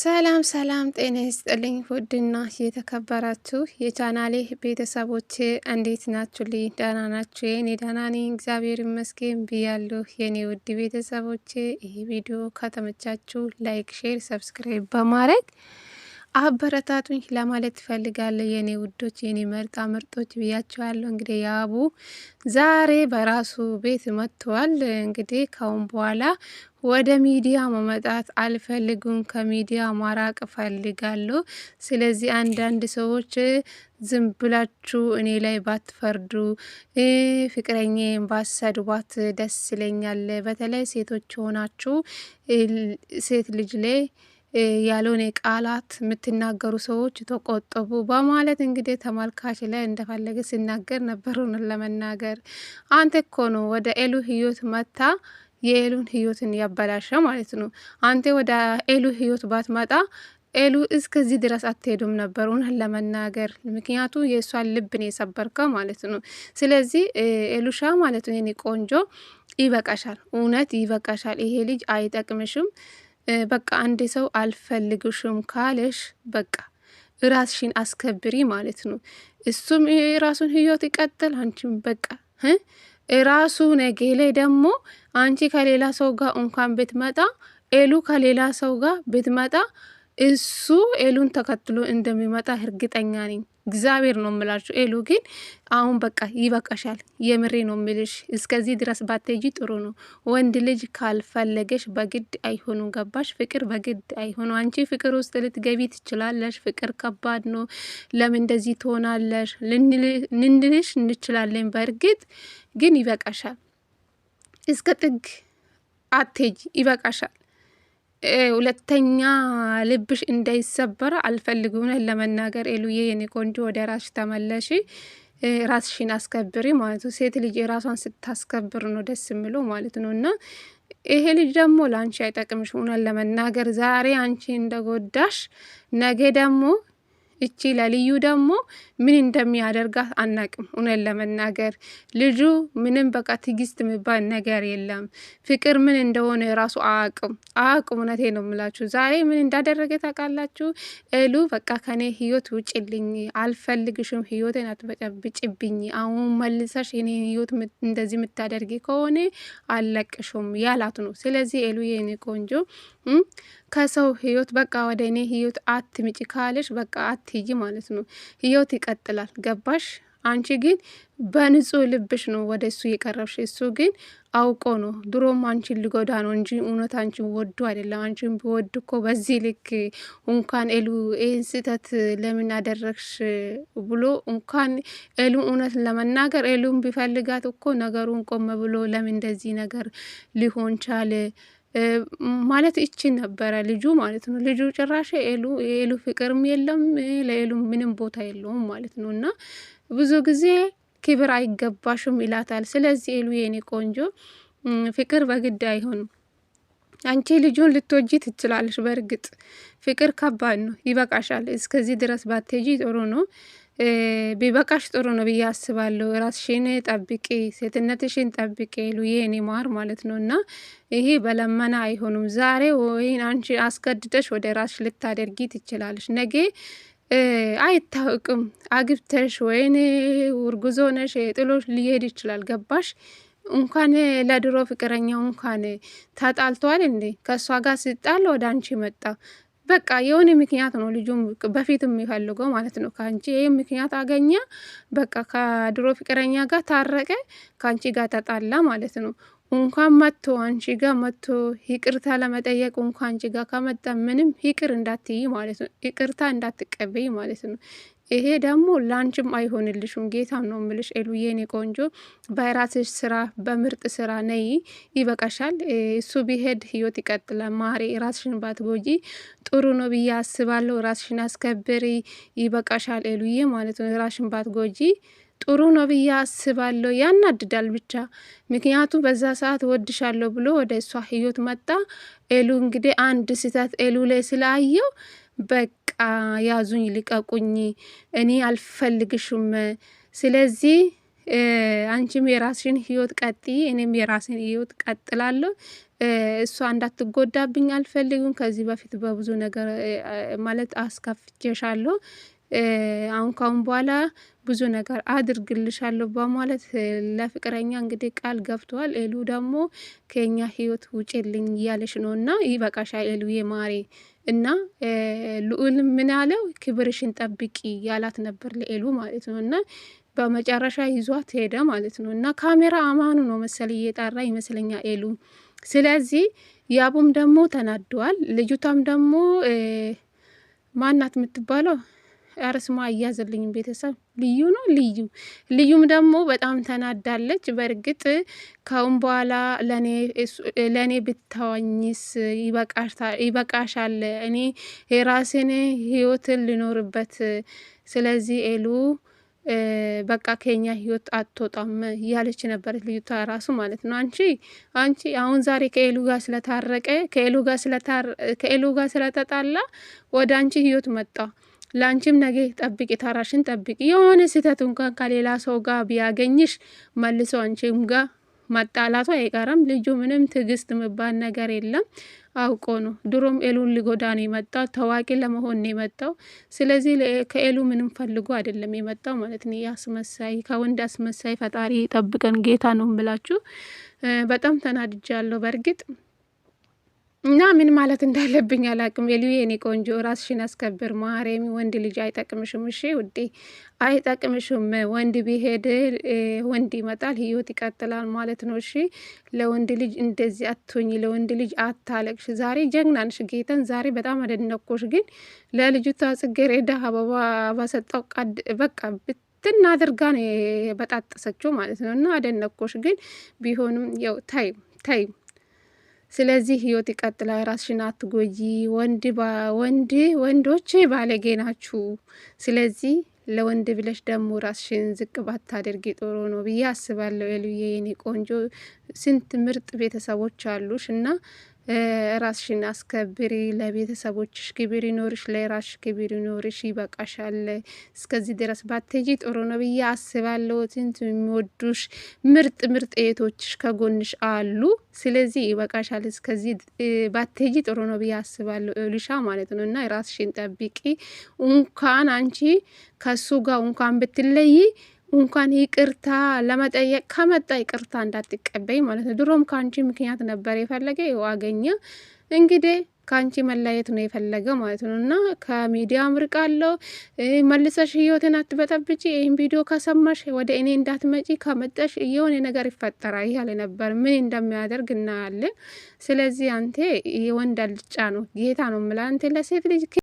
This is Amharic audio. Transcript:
ሰላም ሰላም፣ ጤና ይስጥልኝ ውድና የተከበራችሁ የቻናሌ ቤተሰቦች እንዴት ናችሁ? ልኝ ደህና ናችሁ? የኔ ደህና ነኝ እግዚአብሔር ይመስገን ብያለሁ። የኔ ውድ ቤተሰቦች ይህ ቪዲዮ ከተመቻችሁ ላይክ፣ ሼር፣ ሰብስክራይብ በማድረግ አበረታቱኝ ለማለት ትፈልጋለሁ። የኔ ውዶች፣ የኔ መርጣ ምርጦች ብያችኋለሁ። እንግዲህ የአቡ ዛሬ በራሱ ቤት መጥተዋል። እንግዲህ ካሁን በኋላ ወደ ሚዲያ መመጣት አልፈልጉም። ከሚዲያ ማራቅ ፈልጋሉ። ስለዚህ አንዳንድ ሰዎች ዝም ብላችሁ እኔ ላይ ባትፈርዱ፣ ፍቅረኛዬን ባሰድቧት ደስ ይለኛል። በተለይ ሴቶች ሆናችሁ ሴት ልጅ ላይ ያልሆነ ቃላት የምትናገሩ ሰዎች ተቆጠቡ፣ በማለት እንግዲህ ተመልካች ላይ እንደፈለገ ሲናገር ነበሩን። ለመናገር አንተ እኮ ነው ወደ ኤሉ ህይወት መታ የኤሉን ህይወትን ያበላሸ ማለት ነው። አንተ ወደ ኤሉ ህይወት ባትመጣ ኤሉ እስከዚህ ድረስ አትሄዱም ነበር፣ እውነት ለመናገር ምክንያቱ የእሷን ልብን የሰበርከ ማለት ነው። ስለዚህ ኤሉሻ ማለት ነው የኔ ቆንጆ ይበቃሻል፣ እውነት ይበቃሻል። ይሄ ልጅ አይጠቅምሽም። በቃ አንድ ሰው አልፈልግሽም ካለሽ በቃ ራስሽን አስከብሪ ማለት ነው። እሱም ራሱን ህይወት ይቀጥል፣ አንቺም በቃ ራሱ ነገ ላይ ደግሞ አንቺ ከሌላ ሰው ጋር እንኳን ብትመጣ ኤሉ ከሌላ ሰው ጋር ብትመጣ እሱ ኤሉን ተከትሎ እንደሚመጣ እርግጠኛ ነኝ። እግዚአብሔር ነው የምላችሁ። ኤሉ ግን አሁን በቃ ይበቃሻል። የምሬ ነው የምልሽ። እስከዚህ ድረስ ባትሄጂ ጥሩ ነው። ወንድ ልጅ ካልፈለገሽ በግድ አይሆኑ ገባሽ? ፍቅር በግድ አይሆኑ። አንቺ ፍቅር ውስጥ ልትገቢ ትችላለሽ። ፍቅር ከባድ ነው። ለምን እንደዚህ ትሆናለሽ ልንልሽ እንችላለን በእርግጥ ግን ይበቃሻል። እስከ ጥግ አትሄጂ፣ ይበቃሻል። ሁለተኛ ልብሽ እንዳይሰበረ አልፈልግም። እውነት ለመናገር ኤሉዬ የኔ ቆንጆ ወደ ራስሽ ተመለሺ፣ ራስሽን አስከብሪ ማለት ነው። ሴት ልጅ ራሷን ስታስከብር ነው ደስ የምለው ማለት ነው። እና ይሄ ልጅ ደግሞ ለአንቺ አይጠቅምሽ። እውነት ለመናገር ዛሬ አንቺ እንደጎዳሽ ነገ ደግሞ እቺ ለልዩ ደግሞ ምን እንደሚያደርጋት አናቅም። እውነት ለመናገር ልጁ ምንም በቃ ትግስት የሚባል ነገር የለም። ፍቅር ምን እንደሆነ ራሱ አቅም አቅም። እውነቴ ነው ምላችሁ። ዛሬ ምን እንዳደረገ ታውቃላችሁ? ሄሉ በቃ ከኔ ህይወት ውጭልኝ፣ አልፈልግሽም፣ ህይወቴን አትበጨብጭብኝ። አሁን መልሰሽ የኔ ህይወት እንደዚህ የምታደርጊ ከሆነ አለቅሽም ያላት ነው። ስለዚህ ሄሉ የኔ ቆንጆ ከሰው ህይወት በቃ ወደ እኔ ህይወት አትምጪ ካለሽ በቃ አትይ ማለት ነው። ህይወት ይቀጥላል። ገባሽ? አንቺ ግን በንጹህ ልብሽ ነው ወደ እሱ የቀረብሽ። እሱ ግን አውቆ ነው ድሮም አንቺን ልጎዳ ነው እንጂ እውነት አንቺን ወዱ አይደለም። አንቺን ቢወድ እኮ በዚህ ልክ እንኳን ኤሉ ይህን ስህተት ለምን አደረግሽ ብሎ እንኳን ኤሉ እውነት ለመናገር ኤሉን ቢፈልጋት እኮ ነገሩን ቆመ ብሎ ለምን እንደዚህ ነገር ሊሆን ቻለ ማለት እቺ ነበረ ልጁ ማለት ነው። ልጁ ጭራሽ ኤሉ የኤሉ ፍቅርም የለም ለኤሉ ምንም ቦታ የለውም ማለት ነው። እና ብዙ ጊዜ ክብር አይገባሽም ይላታል። ስለዚህ ኤሉ የኔ ቆንጆ ፍቅር በግድ አይሆንም። አንቺ ልጁን ልትወጂ ትችላለሽ። በእርግጥ ፍቅር ከባድ ነው። ይበቃሻል። እስከዚህ ድረስ ባትሄጂ ጥሩ ነው። ቢበቃሽ ጥሩ ነው ብዬ አስባለሁ። ራስሽን ጠብቂ፣ ሴትነትሽን ጠብቂ ሉዬ እኔ ማር ማለት ነው። እና ይሄ በለመና አይሆኑም። ዛሬ ወይን አንቺ አስገድደሽ ወደ ራስሽ ልታደርጊ ትችላለች ነገ አይታወቅም። አግብተሽ ወይን ውርጉዞ ነሽ ጥሎሽ ሊሄድ ይችላል። ገባሽ? እንኳን ለድሮ ፍቅረኛው እንኳን ተጣልቷል እንዴ? ከእሷ ጋር ሲጣል ወደ አንቺ መጣ። በቃ የሆነ ምክንያት ነው ልጁ በፊት የሚፈልገው ማለት ነው። ከአንቺ ይህ ምክንያት አገኘ፣ በቃ ከድሮ ፍቅረኛ ጋር ታረቀ፣ ከአንቺ ጋር ተጣላ ማለት ነው። እንኳን መጥቶ አንቺ ጋር መጥቶ ይቅርታ ለመጠየቅ እንኳን አንቺ ጋር ከመጣ ምንም ይቅር እንዳትይ ማለት ነው። ይቅርታ እንዳትቀበይ ማለት ነው። ይሄ ደግሞ ላንችም አይሆንልሽም። ጌታ ነው ምልሽ ኤሉዬ፣ የኔ ቆንጆ በራስሽ ስራ፣ በምርጥ ስራ ነይ፣ ይበቃሻል። እሱ ቢሄድ ህይወት ይቀጥላል። ማሬ ራስሽን ባትጎጂ ጥሩ ነው ብዬ አስባለሁ። ራስሽን አስከብሪ። ይበቃሻል ኤሉዬ ማለት ነው። ራስሽን ባትጎጂ ጥሩ ነው ብዬ አስባለሁ። ያናድዳል ብቻ ምክንያቱም በዛ ሰዓት ወድሻለሁ ብሎ ወደ እሷ ህይወት መጣ። ኤሉ እንግዲህ አንድ ስህተት ኤሉ ላይ ስላየው በ ያዙኝ፣ ልቀቁኝ፣ እኔ አልፈልግሽም። ስለዚህ አንቺም የራስሽን ህይወት ቀጥ፣ እኔም የራስን ህይወት ቀጥላለሁ። እሷ እንዳትጎዳብኝ አልፈልግም። ከዚህ በፊት በብዙ ነገር ማለት አስከፍቼሻለሁ። አሁን ካሁን በኋላ ብዙ ነገር አድርግልሻለሁ በማለት ለፍቅረኛ እንግዲህ ቃል ገብተዋል። ኤሉ ደግሞ ከኛ ህይወት ውጭልኝ እያለሽ ነው እና በቃሻ ኤሉ የማሬ እና ልዑል ምን አለው ክብርሽን ጠብቂ ያላት ነበር ለኤሉ ማለት ነው። እና በመጨረሻ ይዟት ሄደ ማለት ነው። እና ካሜራ አማኑ ነው መሰል እየጠራ ይመስለኛል ኤሉ። ስለዚህ ያቡም ደግሞ ተናደዋል። ልጅቷም ደግሞ ማናት የምትባለው ኧረ ስሟ ቤተሰብ ልዩ ነው ልዩ። ልዩም ደግሞ በጣም ተናዳለች። በእርግጥ ካሁን በኋላ ለእኔ ብታዋኝስ ይበቃሻል፣ እኔ የራሴን ህይወትን ልኖርበት። ስለዚህ ኤሉ በቃ ከኛ ህይወት አትወጣም እያለች ነበረች ልዩቷ ራሱ ማለት ነው። አንቺ አንቺ አሁን ዛሬ ከኤሉ ጋር ስለታረቀ ከኤሉ ጋር ስለተጣላ ወደ አንቺ ህይወት መጣ ለአንቺም ነገ ጠብቂ፣ ተራሽን ጠብቂ። የሆነ ስህተት እንኳን ከሌላ ሰው ጋር ቢያገኝሽ መልሶ አንቺም ጋር መጣላቱ አይቀርም። ልጁ ምንም ትዕግስት ምባል ነገር የለም። አውቆ ነው። ድሮም ኤሉን ሊጎዳ ነው የመጣው፣ ታዋቂ ለመሆን ነው የመጣው። ስለዚህ ከኤሉ ምንም ፈልጎ አይደለም የመጣው ማለት ነው። አስመሳይ፣ ከወንድ አስመሳይ ፈጣሪ ጠብቀን ጌታ ነው ብላችሁ በጣም ተናድጃለሁ በእርግጥ እና ምን ማለት እንዳለብኝ አላቅም። የልዩ የኔ ቆንጆ ራስሽን አስከብር ማርያም፣ ወንድ ልጅ አይጠቅምሽም። እሺ ውዴ አይጠቅምሽም። ወንድ ቢሄድ ወንድ ይመጣል፣ ህይወት ይቀጥላል ማለት ነው። እሺ ለወንድ ልጅ እንደዚህ አትሆኝ፣ ለወንድ ልጅ አታለቅሽ። ዛሬ ጀግናንሽ ጌተን፣ ዛሬ በጣም አደነኮሽ። ግን ለልጅቷ ጽጌረዳ አበባ በሰጠው ቃድ በቃ ብትን አድርጋ ነው በጣጠሰችው ማለት ነው። እና አደነኮሽ ግን ቢሆንም ያው ታይም ታይም ስለዚህ ህይወት ይቀጥላል። ራስሽን አትጎጂ። ወንድ ወንድ ወንዶች ባለጌ ናችሁ። ስለዚህ ለወንድ ብለሽ ደግሞ ራስሽን ዝቅ ባታደርጊ ጥሩ ነው ብዬ አስባለሁ። የሉዬ የኔ ቆንጆ ስንት ምርጥ ቤተሰቦች አሉሽ እና ራስሽን አስከብሪ፣ ለቤተሰቦችሽ ክብር ይኖርሽ፣ ለራስሽ ክብር ይኖርሽ፣ ይበቃሻል። እስከዚህ ድረስ ባትሄጂ ጥሩ ነው ብዬ አስባለሁ። ትንት የሚወዱሽ ምርጥ ምርጥ እህቶችሽ ከጎንሽ አሉ። ስለዚህ ይበቃሻል፣ እስከዚህ ባትሄጂ ጥሩ ነው ብዬ አስባለሁ። ልሻ ማለት ነው እና ራስሽን ጠብቂ። እንኳን አንቺ ከሱ ጋር እንኳን ብትለይ እንኳን ይቅርታ ለመጠየቅ ከመጣ ይቅርታ እንዳትቀበይ ማለት ነው። ድሮም ከአንቺ ምክንያት ነበር የፈለገ ይኸው አገኘ። እንግዲህ ከአንቺ መለየት ነው የፈለገ ማለት ነው። እና ከሚዲያ አምርቃለሁ መልሰሽ ህይወትን አትበጠብጪ። ይህን ቪዲዮ ከሰማሽ ወደ እኔ እንዳትመጪ፣ ከመጠሽ እየሆነ ነገር ይፈጠራል እያለ ነበር። ምን እንደሚያደርግ እናያለን። ስለዚህ አንቴ የወንድ አልጫ ነው ጌታ ነው ምላ አንቴ ለሴት ልጅ